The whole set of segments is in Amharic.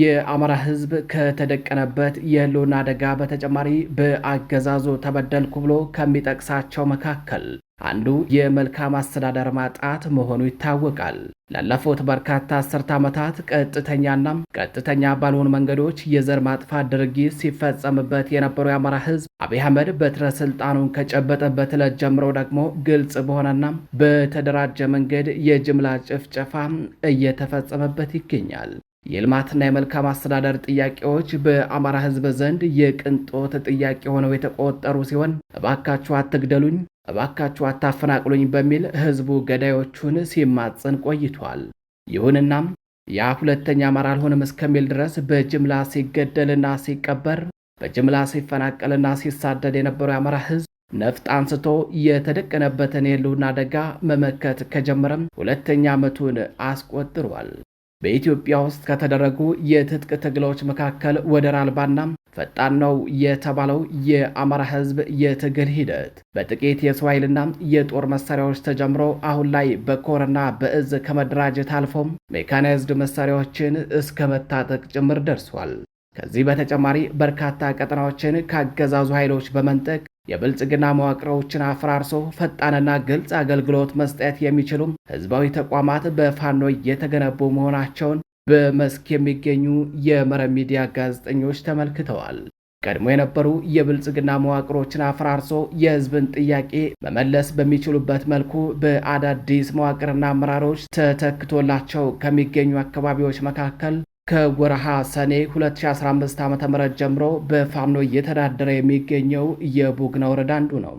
የአማራ ህዝብ ከተደቀነበት የህልውና አደጋ በተጨማሪ በአገዛዙ ተበደልኩ ብሎ ከሚጠቅሳቸው መካከል አንዱ የመልካም አስተዳደር ማጣት መሆኑ ይታወቃል። ላለፉት በርካታ አስርት ዓመታት ቀጥተኛና ቀጥተኛ ባልሆኑ መንገዶች የዘር ማጥፋት ድርጊት ሲፈጸምበት የነበረው የአማራ ህዝብ አብይ አህመድ በትረ ስልጣኑን ከጨበጠበት ዕለት ጀምሮ ደግሞ ግልጽ በሆነና በተደራጀ መንገድ የጅምላ ጭፍጨፋ እየተፈጸመበት ይገኛል። የልማትና የመልካም አስተዳደር ጥያቄዎች በአማራ ሕዝብ ዘንድ የቅንጦት ጥያቄ ሆነው የተቆጠሩ ሲሆን እባካችሁ አትግደሉኝ፣ እባካችሁ አታፈናቅሉኝ በሚል ሕዝቡ ገዳዮቹን ሲማጽን ቆይቷል። ይሁንናም ያ ሁለተኛ አማራ አልሆንም እስከሚል ድረስ በጅምላ ሲገደልና ሲቀበር፣ በጅምላ ሲፈናቀልና ሲሳደድ የነበረው የአማራ ህዝብ ነፍጥ አንስቶ የተደቀነበትን የህልውና አደጋ መመከት ከጀመረም ሁለተኛ ዓመቱን አስቆጥሯል። በኢትዮጵያ ውስጥ ከተደረጉ የትጥቅ ትግሎች መካከል ወደር አልባና ፈጣን ነው የተባለው የአማራ ሕዝብ የትግል ሂደት በጥቂት የሰው ኃይልና የጦር መሳሪያዎች ተጀምሮ አሁን ላይ በኮርና በእዝ ከመደራጀት አልፎም ሜካናይዝድ መሳሪያዎችን እስከ መታጠቅ ጭምር ደርሷል። ከዚህ በተጨማሪ በርካታ ቀጠናዎችን ካገዛዙ ኃይሎች በመንጠቅ የብልጽግና መዋቅሮችን አፈራርሶ ፈጣንና ግልጽ አገልግሎት መስጠት የሚችሉም ህዝባዊ ተቋማት በፋኖ እየተገነቡ መሆናቸውን በመስክ የሚገኙ የመረብ ሚዲያ ጋዜጠኞች ተመልክተዋል። ቀድሞ የነበሩ የብልጽግና መዋቅሮችን አፈራርሶ የህዝብን ጥያቄ መመለስ በሚችሉበት መልኩ በአዳዲስ መዋቅርና አመራሮች ተተክቶላቸው ከሚገኙ አካባቢዎች መካከል ከወረሃ ሰኔ 2015 ዓ ም ጀምሮ በፋኖ እየተዳደረ የሚገኘው የቡግና ወረዳ አንዱ ነው።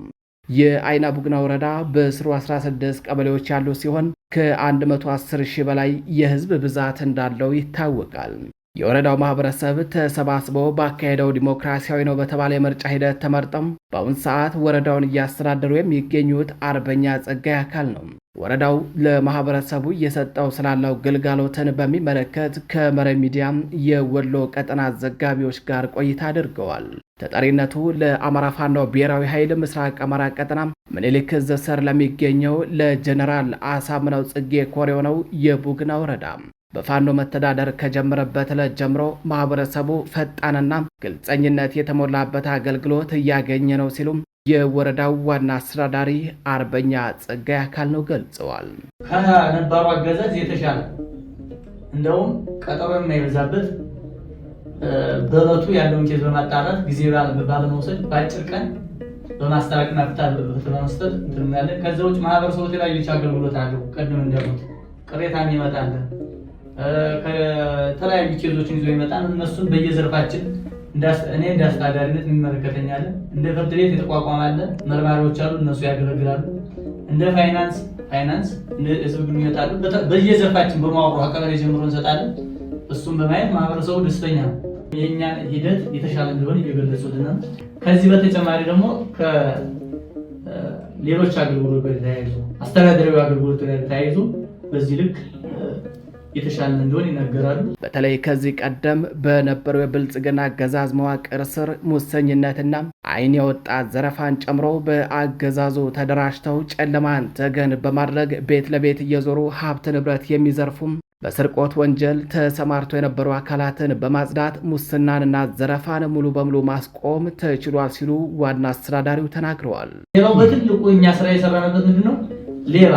የአይና ቡግና ወረዳ በስሩ 16 ቀበሌዎች ያሉ ሲሆን ከ110 ሺህ በላይ የህዝብ ብዛት እንዳለው ይታወቃል። የወረዳው ማህበረሰብ ተሰባስቦ ባካሄደው ዲሞክራሲያዊ ነው በተባለ የምርጫ ሂደት ተመርጠው በአሁን ሰዓት ወረዳውን እያስተዳደሩ የሚገኙት አርበኛ ጸጋይ አካል ነው። ወረዳው ለማህበረሰቡ እየሰጠው ስላለው ግልጋሎትን በሚመለከት ከመረ ሚዲያም የወሎ ቀጠና ዘጋቢዎች ጋር ቆይታ አድርገዋል። ተጠሪነቱ ለአማራ ፋኖ ብሔራዊ ኃይል ምስራቅ አማራ ቀጠና ምኒልክ ዘሰር ለሚገኘው ለጀነራል አሳምነው ጽጌ ኮር የሆነው የቡግና ወረዳ በፋኖ መተዳደር ከጀመረበት ዕለት ጀምሮ ማህበረሰቡ ፈጣንና ግልጸኝነት የተሞላበት አገልግሎት እያገኘ ነው ሲሉም የወረዳው ዋና አስተዳዳሪ አርበኛ ጸጋይ አካል ነው ገልጸዋል። ከነባሩ አገዛዝ የተሻለ እንደውም ቀጠሮ የማይበዛበት በእለቱ ያለውን ኬዝ በማጣራት ጊዜ ባለመውሰድ በአጭር ቀን በማስታረቅና ፍትሐ በመስጠት እንትን እንላለን። ከዛ ውጭ ማህበረሰቡ የተለያዩ አገልግሎት አለው። ቅድም እንደሞት ቅሬታም ይመጣለን ከተለያዩ ኬዞችን ይዞ ይመጣል። እነሱን በየዘርፋችን እኔ እንደ አስተዳዳሪነት የሚመለከተኛለን፣ እንደ ፍርድ ቤት የተቋቋማለ መርማሪዎች አሉ፣ እነሱ ያገለግላሉ። እንደ ፋይናንስ ፋይናንስ ህዝብ ግንኙነት አሉ። በየዘርፋችን በማወሩ አቀበሌ ጀምሮ እንሰጣለን። እሱም በማየት ማህበረሰቡ ደስተኛ ነው። የእኛ ሂደት የተሻለ እንደሆነ ነው። ከዚህ በተጨማሪ ደግሞ ከሌሎች አገልግሎት ጋር ተያይዞ አስተዳደራዊ አገልግሎት ጋር ተያይዞ በዚህ ልክ የተሻለ እንደሆነ ይናገራሉ። በተለይ ከዚህ ቀደም በነበረው የብልጽግና አገዛዝ መዋቅር ስር ሙሰኝነትና አይን የወጣ ዘረፋን ጨምሮ በአገዛዙ ተደራጅተው ጨለማን ተገን በማድረግ ቤት ለቤት እየዞሩ ሀብት ንብረት የሚዘርፉም በስርቆት ወንጀል ተሰማርቶ የነበሩ አካላትን በማጽዳት ሙስናንና ዘረፋን ሙሉ በሙሉ ማስቆም ተችሏል ሲሉ ዋና አስተዳዳሪው ተናግረዋል። ሌላው በትልቁ እኛ ስራ የሰራንበት ምንድን ነው? ሌባ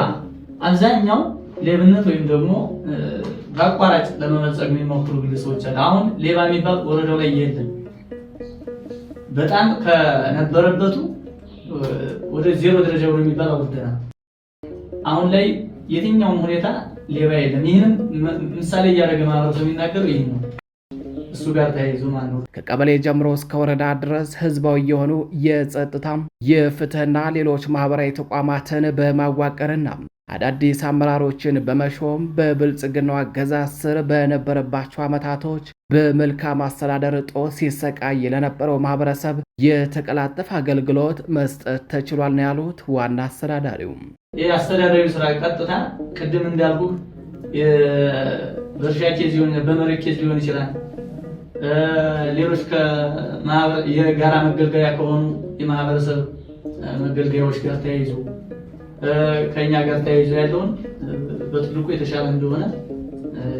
አብዛኛው ሌብነት ወይም ደግሞ በአቋራጭ ለመመፀግ የሚሞክሩ ግለሰቦች አሉ። አሁን ሌባ የሚባል ወረዳው ላይ የለም። በጣም ከነበረበቱ ወደ ዜሮ ደረጃ የሚባል አውርደናል። አሁን ላይ የትኛውም ሁኔታ ሌባ የለም። ይህንም ምሳሌ እያደረገ ማህበረሰብ የሚናገረው ይህ ነው። እሱ ጋር ተያይዞ ማለት ነው። ከቀበሌ ጀምሮ እስከ ወረዳ ድረስ ህዝባዊ የሆኑ የጸጥታም የፍትህና ሌሎች ማህበራዊ ተቋማትን በማዋቀርና አዳዲስ አመራሮችን በመሾም በብልጽግናው አገዛዝ ስር በነበረባቸው ዓመታቶች በመልካም አስተዳደር እጦት ሲሰቃይ ለነበረው ማህበረሰብ የተቀላጠፈ አገልግሎት መስጠት ተችሏል ነው ያሉት ዋና አስተዳዳሪው። ይህ አስተዳዳሪው ስራ ቀጥታ ቅድም እንዳልኩ በእርሻ ኬዝ ሊሆን በመሬት ኬዝ ሊሆን ይችላል። ሌሎች የጋራ መገልገያ ከሆኑ የማህበረሰብ መገልገያዎች ጋር ተያይዞ ከእኛ ጋር ተያይዞ ያለውን በትልቁ የተሻለ እንደሆነ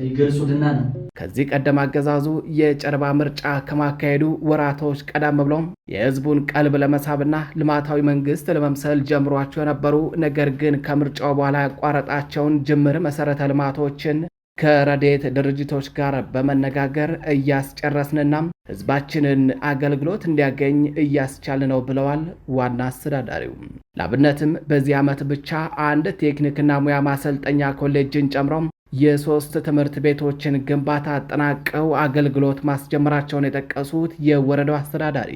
ይገልጹልና ነው። ከዚህ ቀደም አገዛዙ የጨረባ ምርጫ ከማካሄዱ ወራቶች ቀደም ብሎም የህዝቡን ቀልብ ለመሳብና ልማታዊ መንግስት ለመምሰል ጀምሯቸው የነበሩ ነገር ግን ከምርጫው በኋላ ያቋረጣቸውን ጅምር መሰረተ ልማቶችን ከረዴት ድርጅቶች ጋር በመነጋገር እያስጨረስንና ህዝባችንን አገልግሎት እንዲያገኝ እያስቻል ነው ብለዋል ዋና አስተዳዳሪው። ላብነትም በዚህ ዓመት ብቻ አንድ ቴክኒክና ሙያ ማሰልጠኛ ኮሌጅን ጨምሮ የሶስት ትምህርት ቤቶችን ግንባታ አጠናቀው አገልግሎት ማስጀመራቸውን የጠቀሱት የወረዳው አስተዳዳሪ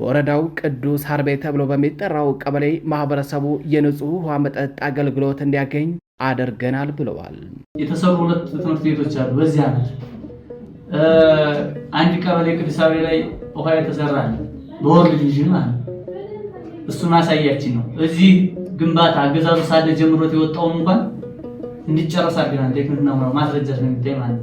በወረዳው ቅዱስ ሀርቤ ተብሎ በሚጠራው ቀበሌ ማህበረሰቡ የንጹህ ውሃ መጠጥ አገልግሎት እንዲያገኝ አደርገናል ብለዋል። የተሰሩ ሁለት ትምህርት ቤቶች አሉ። በዚህ ዓመት አንድ ቀበሌ ቅዱሳዊ ላይ ውሃ የተሰራ ነው በወር ዲቪዥን ማለት እሱ ማሳያችን ነው። እዚህ ግንባታ አገዛዙ ሳለ ጀምሮት የወጣውን እንኳን እንዲጨረስ አድርገናል። ቴክኒክና ማስረጃ ነው የሚታይ ማለት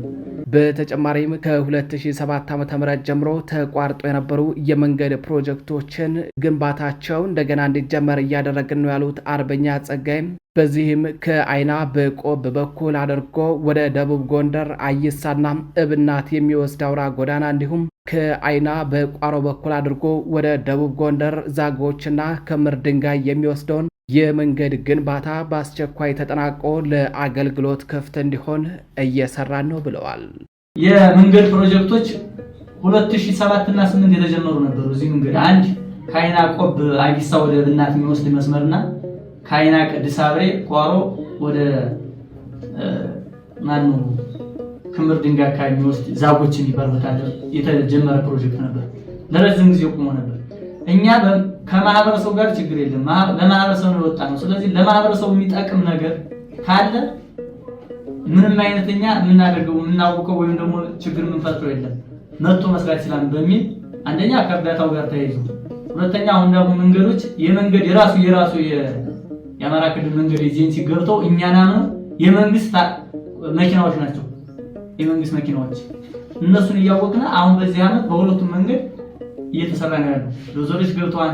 በተጨማሪም ከ2007 ዓ.ም ጀምሮ ተቋርጦ የነበሩ የመንገድ ፕሮጀክቶችን ግንባታቸው እንደገና እንዲጀመር እያደረግን ነው ያሉት አርበኛ ጸጋይም በዚህም ከአይና በቆብ በኩል አድርጎ ወደ ደቡብ ጎንደር አይሳና እብናት የሚወስድ አውራ ጎዳና እንዲሁም ከአይና በቋሮ በኩል አድርጎ ወደ ደቡብ ጎንደር ዛጎችና ከምር ድንጋይ የሚወስደውን የመንገድ ግንባታ በአስቸኳይ ተጠናቆ ለአገልግሎት ክፍት እንዲሆን እየሰራን ነው ብለዋል። የመንገድ ፕሮጀክቶች 2007 እና 8 የተጀመሩ ነበሩ። እዚህ መንገድ አንድ ከአይና ቆብ አዲሳ ወደ ብናት የሚወስድ መስመርና ከአይና ቅድስ አብሬ ቋሮ ወደ ማኑ ክምር ድንጋይ አካባቢ የሚወስድ ዛጎችን ይበርበታል የተጀመረ ፕሮጀክት ነበር። ለረዥም ጊዜ ቆሞ ነበር። እኛ ከማህበረሰቡ ጋር ችግር የለም። ለማህበረሰቡ ነው የወጣ ነው። ስለዚህ ለማህበረሰቡ የሚጠቅም ነገር ካለ ምንም አይነት እኛ የምናደርገው የምናውቀው ወይም ደግሞ ችግር የምንፈጥረው የለም። መጥቶ መስራት ይችላል በሚል አንደኛ ከእርዳታው ጋር ተያይዞ፣ ሁለተኛ አሁን ደግሞ መንገዶች የመንገድ የራሱ የራሱ የአማራ ክልል መንገድ ኤጀንሲ ገብተው እኛና ነው የመንግስት መኪናዎች ናቸው የመንግስት መኪናዎች እነሱን እያወቅን አሁን በዚህ ዓመት በሁለቱም መንገድ እየተሰራ ነው ያለው። ዶዘሮች ገብተዋል፣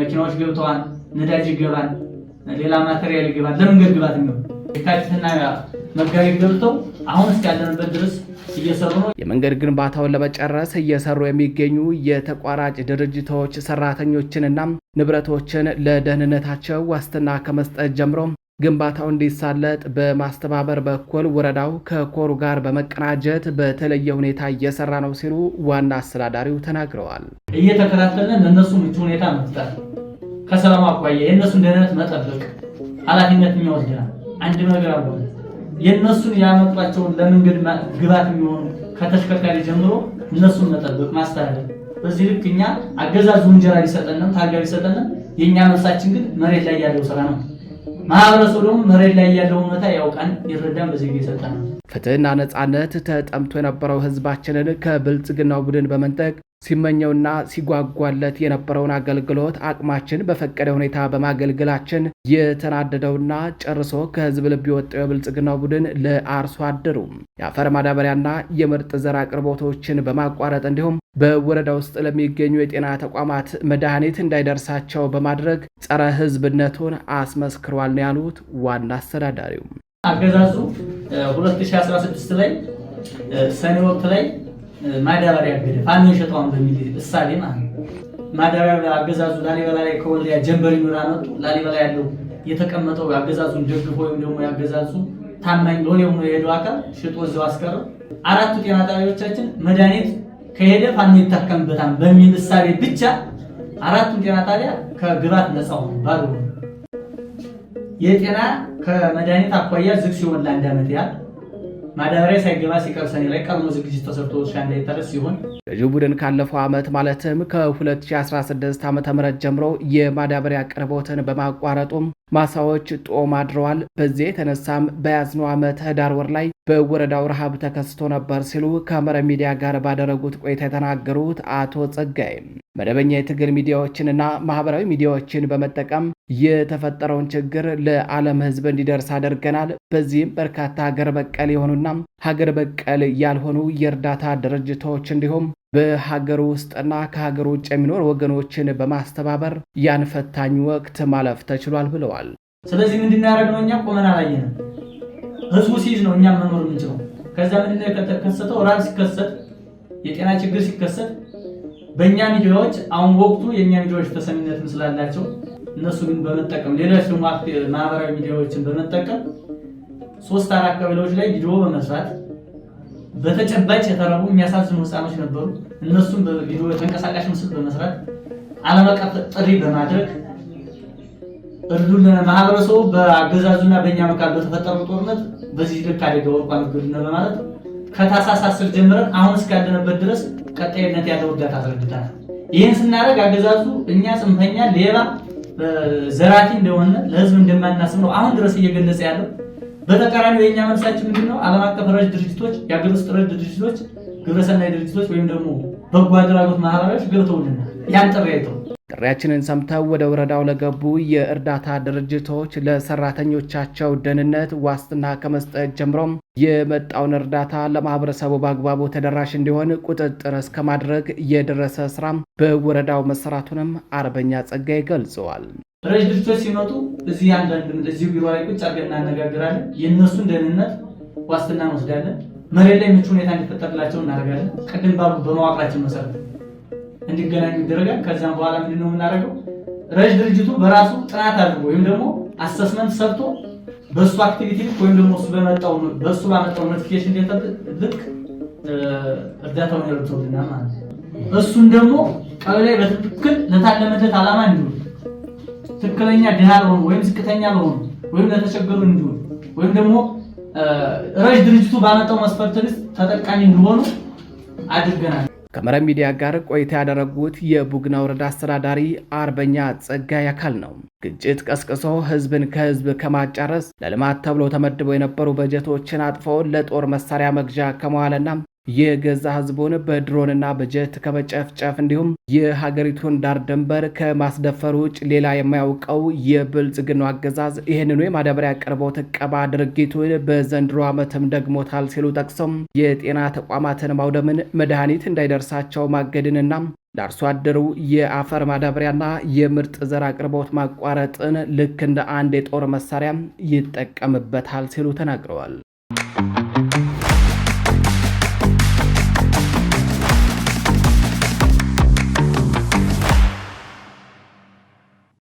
መኪናዎች ገብተዋል፣ ነዳጅ ይገባል፣ ሌላ ማቴሪያል ይገባል። ለመንገድ ግባት ነው የካቲትና መጋቢት ገብተው አሁን እስካለንበት ድረስ እየሰሩ የመንገድ ግንባታውን ለመጨረስ እየሰሩ የሚገኙ የተቋራጭ ድርጅቶች ሰራተኞችንና ንብረቶችን ለደህንነታቸው ዋስትና ከመስጠት ጀምሮ ግንባታው እንዲሳለጥ በማስተባበር በኩል ወረዳው ከኮሩ ጋር በመቀናጀት በተለየ ሁኔታ እየሰራ ነው ሲሉ ዋና አስተዳዳሪው ተናግረዋል። እየተከታተልን ለእነሱ ምቹ ሁኔታ መፍጠር፣ ከሰላም አኳያ የእነሱን ደህንነት መጠበቅ ኃላፊነት የሚወስድናል። አንድ ነገር አለ። የእነሱን ያመጧቸውን ለመንገድ ግባት የሚሆኑ ከተሽከርካሪ ጀምሮ እነሱን መጠበቅ ማስተዳደር። በዚህ ልክ እኛ አገዛዙ እንጀራ ሊሰጠንም ታጋ ሊሰጠንም፣ የእኛ መልሳችን ግን መሬት ላይ ያለው ስራ ነው። ማህበረሰቡ ደግሞ መሬት ላይ ያለው እውነታ ያውቃል፣ ይረዳን። በዚህ ጊዜ ሰጠናል። ፍትህና ነፃነት ተጠምቶ የነበረው ህዝባችንን ከብልጽግናው ቡድን በመንጠቅ ሲመኘውና ሲጓጓለት የነበረውን አገልግሎት አቅማችን በፈቀደ ሁኔታ በማገልገላችን የተናደደውና ጨርሶ ከህዝብ ልብ የወጣው የብልጽግናው ቡድን ለአርሶ አደሩ የአፈር ማዳበሪያና የምርጥ ዘር አቅርቦቶችን በማቋረጥ እንዲሁም በወረዳ ውስጥ ለሚገኙ የጤና ተቋማት መድኃኒት እንዳይደርሳቸው በማድረግ ጸረ ህዝብነቱን አስመስክሯል ነው ያሉት ዋና አስተዳዳሪው። አገዛዙ 2016 ላይ ሰኔ ወቅት ላይ ማዳበሪያ ያገደ ፋኖ የሸጠዋን በሚል እሳቤ ማለት ነው። ማዳበሪያ አገዛዙ ላሊበላ ላይ ከወልዲያ ጀንበር ይኑራ መጡ። ላሊበላ ያለው የተቀመጠው አገዛዙን ደግፎ ወይም ደግሞ ያገዛዙ ታማኝ ሎሌ ሆኖ የሄደው አካል ሽጦ እዚያው አስቀረ። አራቱ ጤና ጣቢያዎቻችን መድኃኒት ከሄደ ፋኖ ይታከምበታል በሚል እሳቤ ብቻ አራቱን ጤና ጣቢያ ከግብዓት ነፃ ሆኑ የጤና ከመድኃኒት አኳያ ዝግ ሲሆን ለአንድ ዓመት ያህል ማዳበሪያ ሳይገባ ሲቀር ሰኔ ላይ ቀድሞ ዝግጅት ተሰርቶ እርሻ እንዳይታረስ ሲሆን ገዢው ቡድን ካለፈው ዓመት ማለትም ከ2016 ዓ ም ጀምሮ የማዳበሪያ አቅርቦትን በማቋረጡም ማሳዎች ጦም አድረዋል። በዚያ የተነሳም በያዝነው ዓመት ህዳር ወር ላይ በወረዳው ረሃብ ተከስቶ ነበር ሲሉ ከመረብ ሚዲያ ጋር ባደረጉት ቆይታ የተናገሩት አቶ ጸጋይ መደበኛ የትግል ሚዲያዎችንና ማህበራዊ ሚዲያዎችን በመጠቀም የተፈጠረውን ችግር ለዓለም ህዝብ እንዲደርስ አድርገናል። በዚህም በርካታ ሀገር በቀል የሆኑና ሀገር በቀል ያልሆኑ የእርዳታ ድርጅቶች እንዲሁም በሀገር ውስጥና ከሀገር ውጭ የሚኖር ወገኖችን በማስተባበር ያን ፈታኝ ወቅት ማለፍ ተችሏል ብለዋል። ስለዚህ ምንድን ነው? እኛ ቆመን አላየንም። ህዝቡ ሲይዝ ነው እኛ መኖር የምንችለው። ከዛ ምንድነው የተከሰተው? ራብ ሲከሰት፣ የጤና ችግር ሲከሰት በእኛ ሚዲያዎች አሁን ወቅቱ የእኛ ሚዲያዎች ተሰሚነትም ስላላቸው እነሱ ግን በመጠቀም ሌሎች ማህበራዊ ሚዲያዎችን በመጠቀም ሶስት አራት ቀበሌዎች ላይ ቪዲዮ በመስራት በተጨባጭ የተረቡ የሚያሳዝኑ ህፃኖች ነበሩ። እነሱም በቪዲዮ የተንቀሳቃሽ ምስል በመስራት ዓለም አቀፍ ጥሪ በማድረግ እርዱን። ማህበረሰቡ በአገዛዙና በእኛ መካከል በተፈጠሩ ጦርነት በዚህ ልክ አደገ ወርቋን ግድነ በማለት ከታህሳስ አስር ጀምረን አሁን እስካለንበት ድረስ ቀጣይነት ያለው እርዳታ አስረድተናል። ይህን ስናደርግ አገዛዙ እኛ ጽንፈኛ፣ ሌባ፣ ዘራፊ እንደሆነ ለህዝብ እንደማናስብ ነው አሁን ድረስ እየገለጸ ያለው። በተቃራኒው የኛ መልሳችን ምንድን ነው? ዓለም አቀፍ ረጅ ድርጅቶች፣ የአገር ውስጥ ረጅ ድርጅቶች፣ ግብረሰናይ ድርጅቶች ወይም ደግሞ በጎ አድራጎት ማህበራዎች ገብተውልና ያን ጥሪ አይተው ጥሪያችንን ሰምተው ወደ ወረዳው ለገቡ የእርዳታ ድርጅቶች ለሰራተኞቻቸው ደህንነት ዋስትና ከመስጠት ጀምሮም የመጣውን እርዳታ ለማህበረሰቡ በአግባቡ ተደራሽ እንዲሆን ቁጥጥር እስከ ማድረግ የደረሰ ስራም በወረዳው መሰራቱንም አርበኛ ጸጋይ ገልጸዋል። ረጅ ድርጅቶች ሲመጡ እዚህ አንዳንድ እዚህ ቢሮ ላይ ቁጭ አድርገን እናነጋግራለን። የእነሱን ደህንነት ዋስትና እንወስዳለን። መሬት ላይ ምቹ ሁኔታ እንዲፈጠርላቸው እናደርጋለን። ቅድም ባሉ በመዋቅራችን መሰረት እንዲገናኙ ይደረጋል። ከዚያም በኋላ ምንድን ነው የምናደርገው? ረጅ ድርጅቱ በራሱ ጥናት አድርጎ ወይም ደግሞ አሰስመንት ሰርቶ በእሱ አክቲቪቲ ወይም ደግሞ እሱ በመጣው በእሱ ባመጣው ኖቲፊኬሽን ልክ እርዳታውን ያሉተውልና ማለት ነው። እሱን ደግሞ ቀበሌ በትክክል ለታለመለት ዓላማ እንዲሁ ትክክለኛ ድሃ ለሆኑ ወይም ዝቅተኛ ለሆኑ ወይም ለተቸገሩ እንዲሆኑ ወይም ደግሞ ረጅ ድርጅቱ ባመጣው መስፈርት ተጠቃሚ እንዲሆኑ አድርገናል። ከመረብ ሚዲያ ጋር ቆይታ ያደረጉት የቡግና ወረዳ አስተዳዳሪ አርበኛ ጸጋይ አካል ነው። ግጭት ቀስቅሶ ህዝብን ከህዝብ ከማጫረስ ለልማት ተብሎ ተመድበው የነበሩ በጀቶችን አጥፎ ለጦር መሳሪያ መግዣ ከመዋለና የገዛ ህዝቡን በድሮንና በጀት ከመጨፍጨፍ እንዲሁም የሀገሪቱን ዳር ድንበር ከማስደፈር ውጭ ሌላ የማያውቀው የብልጽግናው አገዛዝ ይህንኑ የማዳበሪያ አቅርቦት እቀባ ድርጊቱን በዘንድሮ ዓመትም ደግሞታል ሲሉ ጠቅሰው የጤና ተቋማትን ማውደምን፣ መድኃኒት እንዳይደርሳቸው ማገድንና ለአርሶ አደሩ የአፈር ማዳበሪያና የምርጥ ዘር አቅርቦት ማቋረጥን ልክ እንደ አንድ የጦር መሳሪያ ይጠቀምበታል ሲሉ ተናግረዋል።